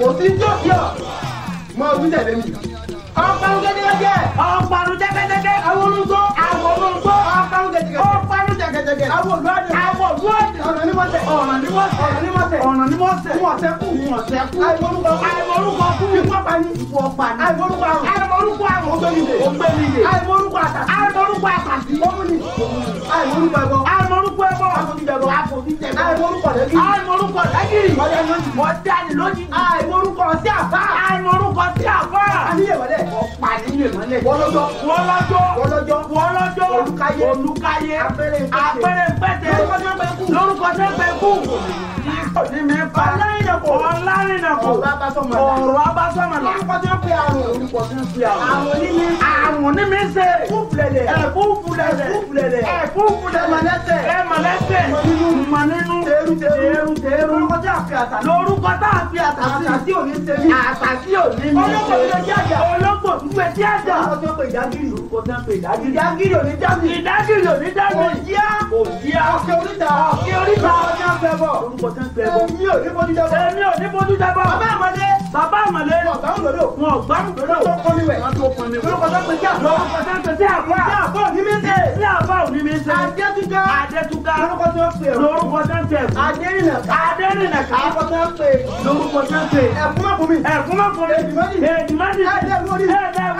kò sí jọ́bíọ̀ mọ ojú tẹ̀lé mi. ọ̀pọ̀lọpọ̀ gẹ́gẹ́gẹ́. ọ̀pọ̀lọpọ̀ jẹ́gẹ́jẹ́gẹ́. àwọn olùkọ́. àwọn olùkọ́. ọ̀pọ̀lọpọ̀ gẹ́gẹ́gẹ́. ọ̀pọ̀lọpọ̀ jẹ́gẹ́jẹ́gẹ́. àwọn olùwádìí. àwọn olùwádìí. ọ̀nà ni wọ́n tẹ̀. ọ̀nà ni wọ́n tẹ̀. ọ̀nà ni wọ́n tẹ̀. ọ̀nà ni wọ́n tẹ̀. wọ́n tẹ̀ kú. wọ́n tẹ̀ kú. àìmọ̀lúkọ. àìmọ̀lúkọ kú. ìwọ́n pani. ìwọ́n pani. àìmọ̀lúkọ àrùn. àìmọ̀lúkọ àrùn. ògbẹ́ni. ògbẹ́ni. àìmọ̀lúkọ àtàtì. àìmọ̀lúkọ àtàtì. òmìnir àìmọ̀rúkọ̀ lẹ́gìrì. àìmọ̀rúkọ̀ lẹ́gìrì. wọ́n dá ní lójijì. àìmọ̀rúkọ̀ sí àbá. àìmọ̀rúkọ̀ sí àbá. àníyèmọ̀lẹ̀. ọ̀pá àníyèmọ̀lẹ̀. wọ́lọ́jọ́. wọ́lọ́jọ́. wọ́lọ́jọ́. wọ́lọ́jọ́. olùkáyé. olùkáyé. àpẹẹrẹ pẹ̀tẹ̀. lórúkọ tẹ́gbẹ̀ẹ́ kù. ní mi fa. ọ̀làrìnàkọ̀. ọ̀làrìnàkọ̀. ọ̀rọ̀ abásọ́mọ̀ la. lórúkọ tẹ́ pé àrùn. olùkọ́ tẹ́ pé àrùn. àrùn ní mi. àrùn ní mi ṣe. fúfulẹ̀lẹ̀. ẹ̀ fúfulẹ̀lẹ̀. ẹ̀ fúfulẹ̀lẹ̀. ẹ̀ fúfulẹ̀lẹ̀ mọ nínú mọ nínú tẹrú tẹrú tẹrú lórúkọ tí a fi àtà lórúkọ tá a fi àtà sí àtàtì òní tẹmí àtàtì òní mi olóko tó ti àjà olóko tó pẹ tí àjà olóko tó pẹ ìdágìrì olóko tó pẹ ìdágìrì ìdágìrì òní dágìrì ìdágìrì òní dágìrì òjíà òjíà òkè oríta òkè oríta ọjà fẹbọ olóko tó pẹ bọ èmi ò ní bójú dábọ èmi ò ní bójú dábọ bàbá àmọlé bàbá àmọlé ọgbàmù lòdò ọgbàmù lòdò ọgbàmù lòdò olóko tó pẹ tí àbọ olóko tó pẹ tí àbọ àbọ òní mi ń ṣe àbọ òní mi ń ṣe àjẹtúkọ àjẹtúkọ ká. lórúkọ tó ń pè é. lórúkọ tó ń pè é. adérìnà ká. adérìnà ká. lórúkọ tó ń pè é. lórúkọ tó ń pè é. ẹ̀kúnmọ̀kúnmi. ẹ̀kúnmọ̀kúnmi. èdìmọ́dì. èdìmọ́dì. ẹ̀ẹ́dẹ́gbọ́dì. ẹ̀ẹ́dẹ́gbọ́dì.